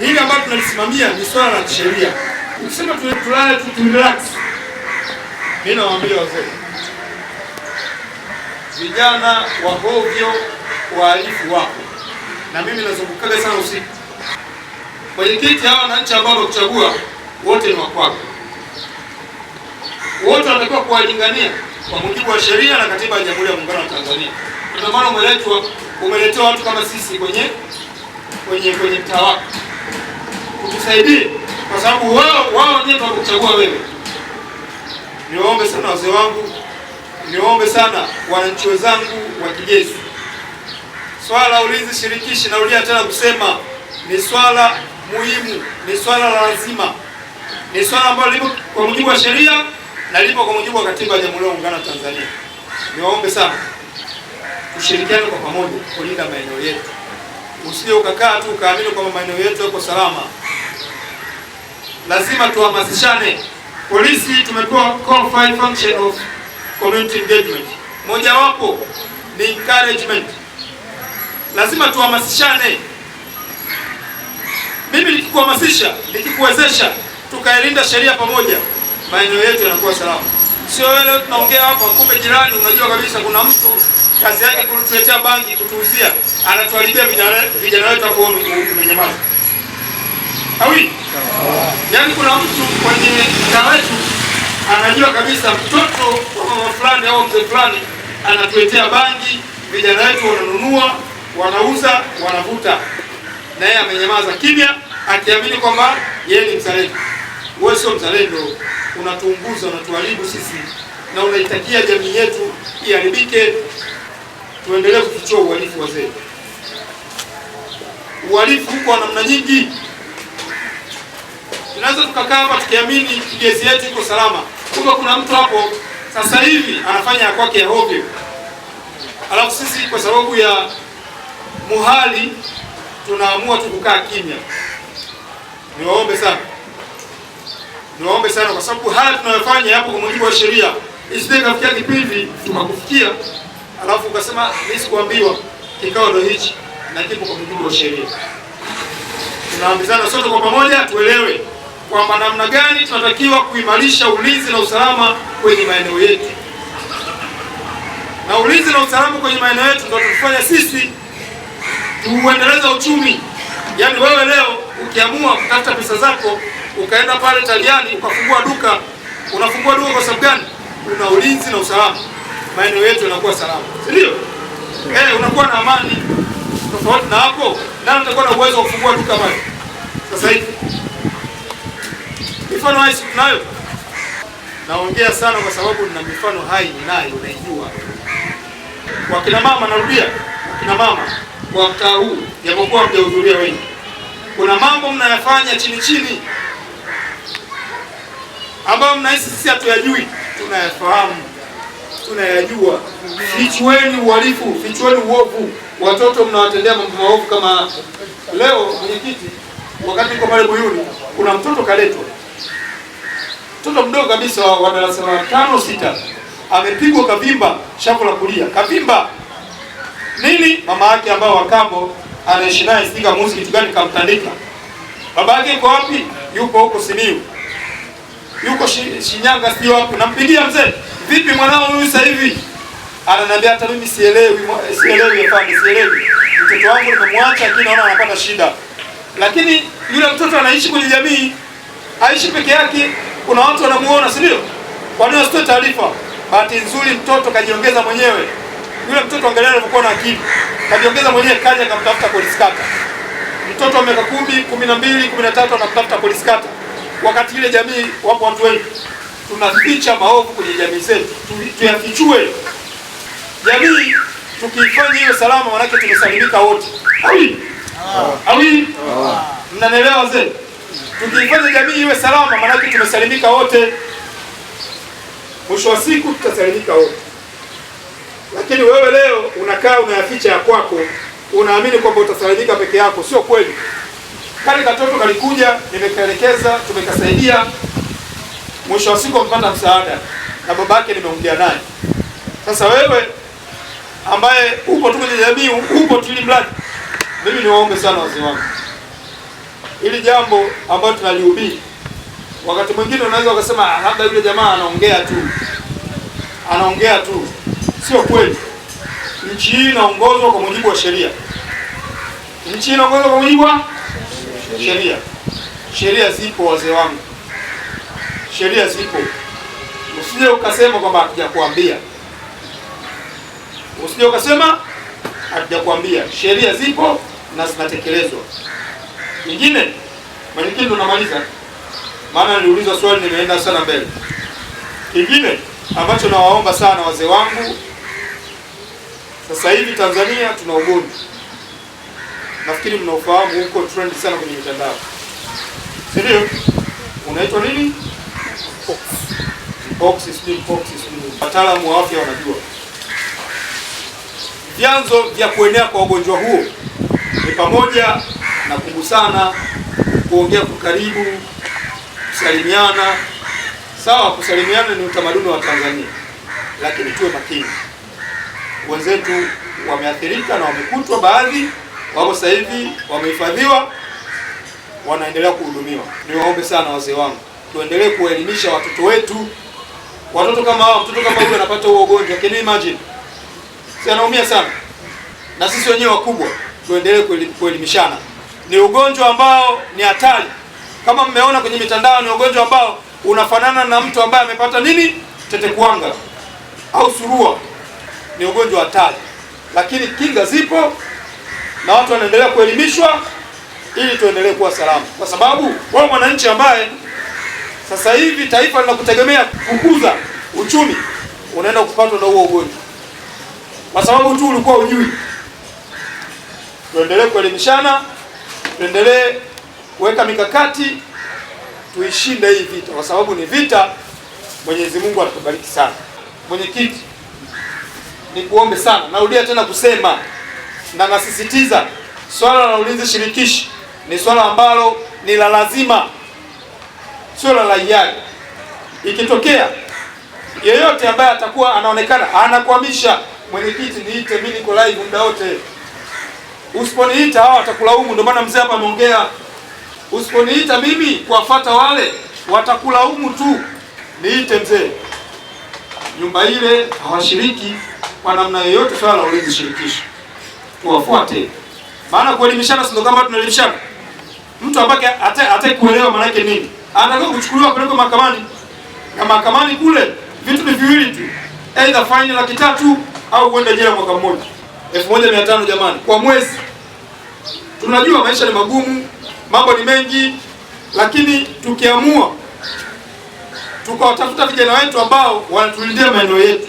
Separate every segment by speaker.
Speaker 1: hili ambalo tunalisimamia ni swala la kisheria. Ukisema tulale relax, mimi nawaambia wazee, vijana wa hovyo wahalifu wapo, na mimi nazungukaga sana usiku. kiti. hawa wananchi ambao wamekuchagua wote ni wakwako, wote wanatakiwa kuwalingania kwa mujibu wa sheria na katiba ya Jamhuri ya Muungano wa Tanzania. Ndio maana umeletewa umeletewa watu kama sisi kwenye kwenye kwenye mtaa utusaidie, kwa sababu wao wao wenyewe ndio wakuchagua wewe. Niombe sana wazee wangu, niombe sana wananchi wenzangu wa Kijesu, swala la ulinzi shirikishi, narudia tena kusema ni swala muhimu, ni swala la lazima, ni swala ambalo lipo kwa mujibu wa sheria na lipo kwa mujibu wa katiba ya Jamhuri ya Muungano wa Tanzania. Niwaombe sana tushirikiane kwa pamoja kulinda maeneo yetu, usije ukakaa tu ukaamini kwamba maeneo yetu yako salama lazima tuhamasishane. Polisi tumekuwa core five function of community engagement, mojawapo ni encouragement. Lazima tuhamasishane, mimi nikikuhamasisha, nikikuwezesha, tukailinda sheria pamoja, maeneo yetu yanakuwa salama. Sio leo tunaongea hapa, kumbe jirani, unajua kabisa kuna mtu kazi yake kutuletea bangi, kutuuzia, anatuharibia vijana wetu, afu umenyamaza. Hawi. Yaani kuna mtu kwenye mtaa wetu anajua kabisa mtoto wa mama fulani au mzee fulani anatuletea bangi, vijana wetu wananunua, wanauza, wanavuta, na yeye amenyamaza kimya, akiamini kwamba yeye ni mzalendo. Wewe sio mzalendo, unatuunguza, unatuharibu sisi na unaitakia jamii yetu iharibike. Tuendelee kufichua uhalifu wazee. Uhalifu huko namna nyingi tunaweza tukakaa hapa tukiamini gesi yetu iko salama, kumbe kuna mtu hapo sasa hivi anafanya ya kwake ya hovyo. Alafu sisi kwa sababu ya muhali tunaamua tu kukaa kimya. Niwaombe sana, niwaombe sana, kwa sababu haya tunayofanya hapo kwa mujibu wa sheria, isije ikafikia kipindi tukakufikia alafu ukasema mimi sikuambiwa, kikao ndo hichi na kipo kwa mujibu wa sheria. Tunaambizana sote kwa pamoja tuelewe kwamba namna gani tunatakiwa kuimarisha ulinzi na usalama kwenye maeneo yetu, na ulinzi na usalama kwenye maeneo yetu ndio tutafanya sisi tuuendeleza uchumi. Yaani wewe leo ukiamua kutafuta pesa zako ukaenda pale Taliani ukafungua duka, unafungua duka kwa sababu gani? Una ulinzi na usalama, maeneo yetu yanakuwa salama, si ndio? Eh, unakuwa na amani. Tofauti na hapo, nani atakuwa na uwezo wa kufungua duka pale sasa hivi? mifano hai siku tunayo. Naongea sana kwa sababu nina mifano hai ninayo, unaijua. Kwa kina mama, narudia, kina mama kwa mtaa huu, japokuwa mjahudhuria wengi, kuna mambo mnayafanya chini chini ambayo mnahisi sisi hatuyajui. Tunayafahamu, tunayajua. Fichueni uhalifu, fichueni uovu. Watoto mnawatendea mambo maovu. Kama leo mwenyekiti, wakati niko pale Buyuni, kuna mtoto kaletwa mtoto mdogo kabisa wa darasa la tano sita amepigwa kavimba shavu la kulia kavimba nini? Mama yake ambao wakambo anaishi naye sika muzi kitu gani kamtandika. Baba yake yuko wapi? Yuko huko Simiu, yuko Shinyanga, sio wapi. Nampigia mzee, vipi mwanao huyu sasa hivi? Ananiambia hata mimi sielewi, sielewi afande, sielewi mtoto wangu nimemwacha, lakini naona anapata shida. Lakini yule mtoto anaishi kwenye jamii, aishi peke yake kuna watu wanamuona, si ndio? Wanaositoa taarifa. Bahati nzuri mtoto kajiongeza mwenyewe. Yule mtoto angalia alivyokuwa na akili. Kajiongeza mwenyewe kaja akamtafuta polisi kata. Mtoto wa miaka 10, 12, 13 anamtafuta polisi kata. Wakati ile jamii wapo watu wengi. Tunaficha maovu kwenye jamii zetu. Tuyafichue. Jamii tukifanya hiyo salama, manake tumesalimika wote. Awi. Awi. Mnanielewa wazee? Tukiifanya jamii iwe salama, maanake tumesalimika wote, mwisho wa siku tutasalimika wote. Lakini wewe leo unakaa unayaficha ya kwako, unaamini kwamba utasalimika peke yako. Sio kweli. Kale katoto kalikuja, nimekaelekeza, tumekasaidia, mwisho wa siku amepata msaada na babake nimeongea naye. Sasa wewe ambaye upo tu kwenye jamii, upo tu ili mradi, mimi niwaombe sana wazee wangu ili jambo ambalo tunalihubiri, wakati mwingine unaweza ukasema ah, labda yule jamaa anaongea tu, anaongea tu. Sio kweli. Nchi hii inaongozwa kwa mujibu wa sheria, nchi inaongozwa kwa mujibu wa sheria. Sheria zipo, wazee wangu, sheria zipo. Usije ukasema kwamba hatujakuambia, usije ukasema hatujakuambia. Sheria zipo na zinatekelezwa. Nyingine mwenyekiti, ndo maana niliuliza swali nimeenda sana mbele. Kingine ambacho nawaomba sana wazee wangu, sasa hivi Tanzania tuna ugonjwa, nafikiri mnaufahamu, huko trend sana kwenye mitandao, si ndio? Unaitwa nini? wataalamu wa afya wanajua vyanzo vya kuenea kwa ugonjwa huo ni pamoja na sana kuongea kwa karibu, kusalimiana. Sawa, kusalimiana ni utamaduni wa Tanzania, lakini tuwe makini. Wenzetu wameathirika na wamekutwa, baadhi wapo sasa hivi wamehifadhiwa, wanaendelea kuhudumiwa. Niwaombe sana wazee wangu, tuendelee kuwaelimisha watoto wetu. Watoto kama hao, mtoto kama huyu anapata huo ugonjwa, can you imagine? Si anaumia sana, na sisi wenyewe wakubwa tuendelee kuelimishana ni ugonjwa ambao ni hatari, kama mmeona kwenye mitandao, ni ugonjwa ambao unafanana na mtu ambaye amepata nini, tetekuanga au surua. Ni ugonjwa hatari, lakini kinga zipo na watu wanaendelea kuelimishwa ili tuendelee kuwa salama, kwa sababu wao mwananchi ambaye sasa hivi taifa linakutegemea kukuza uchumi, unaenda kupatwa na huo ugonjwa kwa sababu tu ulikuwa ujui. Tuendelee kuelimishana tuendelee kuweka mikakati tuishinde hii vita, kwa sababu ni vita. Mwenyezi Mungu atakubariki sana. Mwenyekiti, nikuombe sana, narudia tena kusema na nasisitiza, swala la ulinzi shirikishi ni swala ambalo ni la lazima, sio la hiari. Ikitokea yeyote ambaye atakuwa anaonekana anakwamisha, mwenyekiti, niite, mimi niko live muda wote. Usiponiita hawa watakulaumu. Ndio maana mzee hapa ameongea, usiponiita mimi kuwafata wale watakulaumu tu. Niite mzee. Nyumba ile hawashiriki kwa namna yoyote swala la ulinzi shirikishi, tuwafuate. Maana kuelimishana, sio Kama tunaelimishana, mtu ambaye hataki kuelewa maana yake nini, anataka kuchukuliwa kupelekwa mahakamani, na mahakamani kule vitu ni viwili tu, aidha faini laki tatu au kwenda jela mwaka mmoja elfu moja mia tano jamani, kwa mwezi. Tunajua maisha ni magumu, mambo ni mengi, lakini tukiamua tukawatafuta vijana wetu ambao wanatulindia maeneo yetu,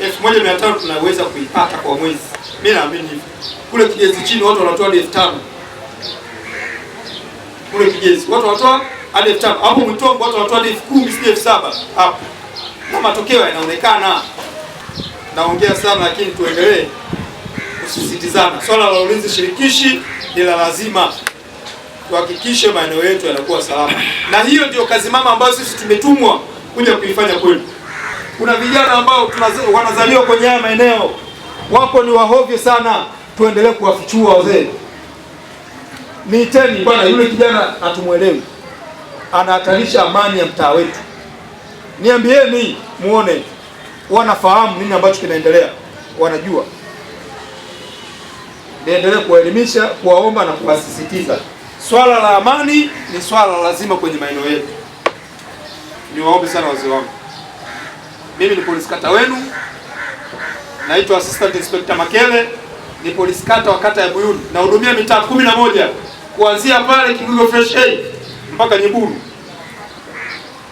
Speaker 1: elfu moja mia tano tunaweza kuipata kwa mwezi. Mimi naamini hivyo. Kule Kigezi chini watu wanatoa hadi elfu tano kule Kigezi watu wanatoa hadi elfu tano hapo Mwitongo watu wanatoa hadi elfu kumi sijui elfu saba hapo, na matokeo yanaonekana. Naongea sana lakini tuendelee kusisitizana swala la ulinzi shirikishi ni la lazima, tuhakikishe maeneo yetu yanakuwa salama, na hiyo ndio kazi mama ambayo sisi tumetumwa kuja kuifanya kwenu. Kuna vijana ambao wanazaliwa kwenye haya maeneo, wako ni wahovyo sana, tuendelee kuwafichua wazee. Niiteni bwana, yule kijana hatumwelewi, anahatarisha amani ya mtaa wetu, niambieni muone, wanafahamu nini ambacho kinaendelea, wanajua niendelee kuwaelimisha, kuwaomba na kuwasisitiza swala la amani ni swala lazima kwenye maeneo yetu. Niwaombe sana wazee wangu, mimi ni polisi kata wenu, naitwa Assistant Inspector Makele, ni polisi kata wa kata ya Buyuni, nahudumia mitaa kumi na moja kuanzia pale Kigogo Fresh Aid mpaka Nyiburu.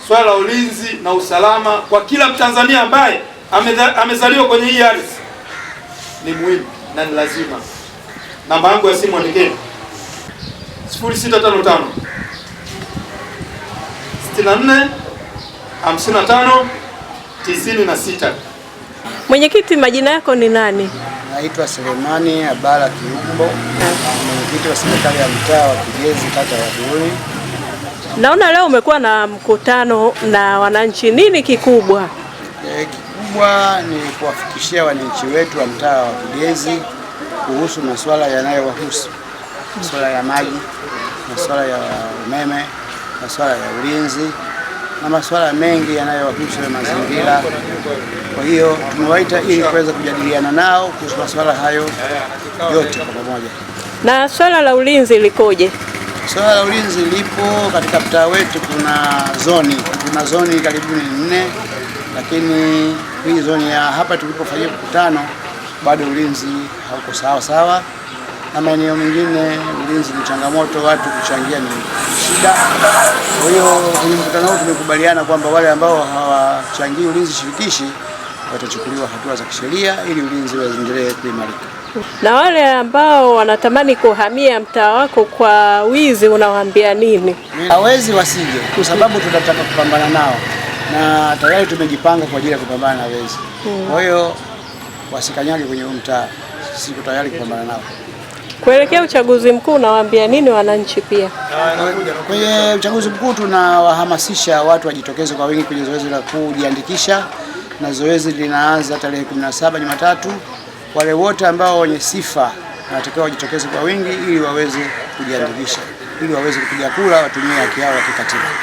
Speaker 1: Swala la ulinzi na usalama kwa kila Mtanzania ambaye amezaliwa kwenye hii ardhi ni muhimu na ni lazima namba yangu ya simu andikeni 0655 64 55 96.
Speaker 2: Mwenyekiti, majina yako ni nani?
Speaker 3: Naitwa Selemani Abara Kiumbo, mwenyekiti wa serikali ya mtaa wa Kigezi, kata ya Duli.
Speaker 2: Naona leo umekuwa na mkutano na wananchi, nini kikubwa?
Speaker 3: Eh, kikubwa ni kuwafikishia wananchi wetu wa mtaa wa Kigezi kuhusu masuala yanayowahusu, masuala ya maji, masuala ya umeme, masuala ya ulinzi na masuala mengi yanayowahusu ya mazingira. Kwa hiyo tumewaita ili kuweza kujadiliana nao kuhusu masuala hayo yote kwa pamoja.
Speaker 2: Na swala la ulinzi likoje?
Speaker 3: Swala la ulinzi lipo katika mtaa wetu, kuna zoni, kuna zoni karibuni nne, lakini hii zoni ya hapa tulipofanyia mkutano bado ulinzi hauko sawa sawa, na maeneo mengine ulinzi ni changamoto, watu kuchangia ni shida. Kwa hiyo kwenye mkutano huu tumekubaliana kwamba wale ambao hawachangii ulinzi shirikishi watachukuliwa hatua za kisheria ili ulinzi waendelee kuimarika.
Speaker 2: Na wale ambao wanatamani kuhamia mtaa wako kwa wizi, unawaambia nini?
Speaker 3: Hawezi wasije, kwa sababu tutataka kupambana nao na tayari tumejipanga kwa ajili ya kupambana na wezi. Kwa hiyo hmm wasikanyage kwenye mtaa. Sisi tuko tayari kupambana nao.
Speaker 2: Kuelekea uchaguzi mkuu, unawaambia nini wananchi? Pia
Speaker 3: kwenye uchaguzi mkuu tunawahamasisha watu wajitokeze kwa wingi kwenye zoezi la kujiandikisha, na zoezi linaanza tarehe 17 Jumatatu. Wale wote ambao wenye sifa wanatakiwa wajitokeze kwa wingi ili waweze kujiandikisha, ili waweze kupiga kura, watumie haki yao ya kikatiba.